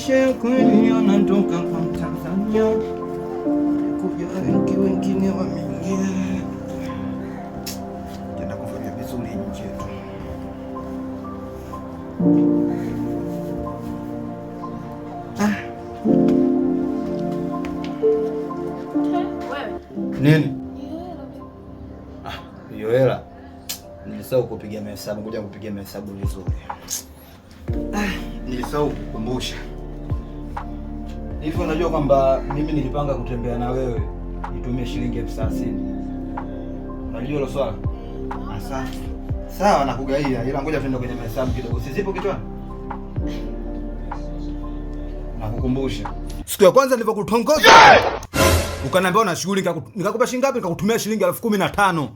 maisha ya kweli yanatoka kwa Mtanzania kuja wengi wengine wameingia tena kufanya vizuri nchi yetu. Ah. Nini? Ah, hiyo hela nilisahau kupiga mahesabu. Ngoja kupiga mahesabu vizuri. Ah, nilisahau kukumbusha Hivyo unajua kwamba mimi nilipanga kutembea na wewe nitumie shilingi elfu hamsini. Unajua hilo swala? asante Sawa nakugaia, ila ngoja tuende kwenye mahesabu kidogo. Sizipo kichwani. Nakukumbusha. Siku ya kwanza nilivyokutongoza. Yeah! Ukaniambia una shughuli nikakupa shilingi ngapi? Nikakutumia shilingi elfu kumi na tano.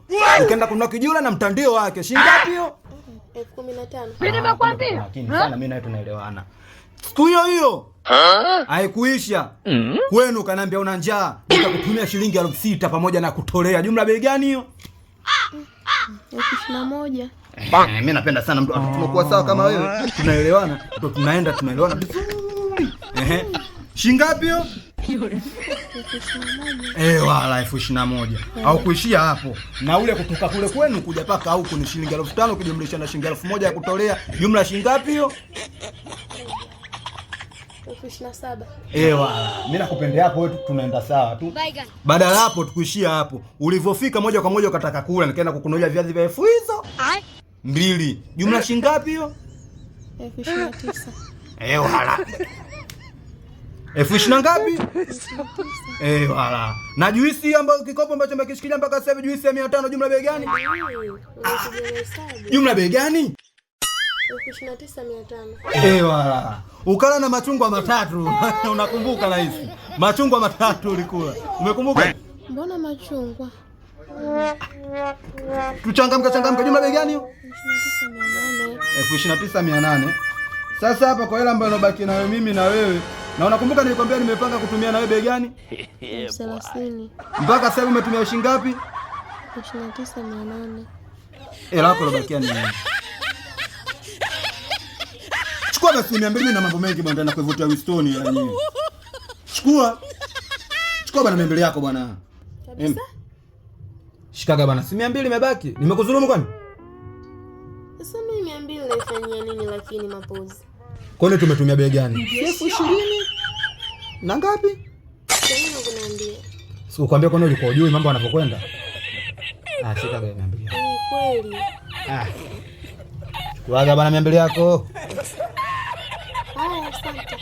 Ukaenda kununua kijula na mtandio wake. Shilingi ngapi hiyo? elfu kumi na tano nimekwambia. Mimi ah, nawe tunaelewana siku hiyo hiyo haikuisha mm-hmm. Kwenu kanaambia una njaa, nikakutumia shilingi elfu sita pamoja na kutolea. Jumla bei gani hiyo? elfu ishirini na moja. Eh, mimi napenda sana mtu tunakuwa sawa kama wewe, tunaelewana, tunaenda tunaelewana vizuri. shingapi hiyo? Ewa elfu ishirini na moja au kuishia hapo, na ule kutoka kule kwenu kuja paka huku ni shilingi elfu tano ukijumlisha na shilingi elfu moja ya kutolea, jumla shilingi ngapi hiyo? Ewa, mimi nakupendea hapo, wewe tunaenda sawa tu. Badala hapo tukuishia hapo, ulivyofika moja kwa moja ukataka kula, nikaenda kukunulia viazi vya elfu hizo mbili, jumla shilingi ngapi hiyo? Ewa elfu ishirini na ngapi? Eh, wala. Na juisi ambayo kikopo ambacho mpaka sasa hivi juisi ya jumla bei gani? jumla bei gani? Eh, wala. Ukala na machungwa matatu. Unakumbuka Machungwa matatu ulikula. Umekumbuka? Mbona machungwa? jumla bei gani hiyo? elfu ishirini na tisa mia nane. Sasa hapa kwa hela ambayo inabaki nayo mimi na wewe na unakumbuka nilikwambia nimepanga kutumia na wewe bei gani? Mpaka sasa umetumia shilingi ngapi? Ishirini na tisa mia nane. Hela yako ilibakia ni nini? Chukua basi mia mbili na mambo mengi bwana, na kuvutia Winston yani. Chukua. Chukua bwana mia mbili yako bwana. Kabisa. Shikaga bwana, si mia mbili imebaki. Nimekudhulumu kwani? Sasa mimi mia mbili naifanyia nini lakini mapozi? Kwa nini tumetumia bei gani? elfu ishirini na ngapi? Sikukwambia kwani ulikuwa ujui mambo yanavyokwenda? Ah, bei Kweli. Ah. bana mia mbili yako. Haya, asante.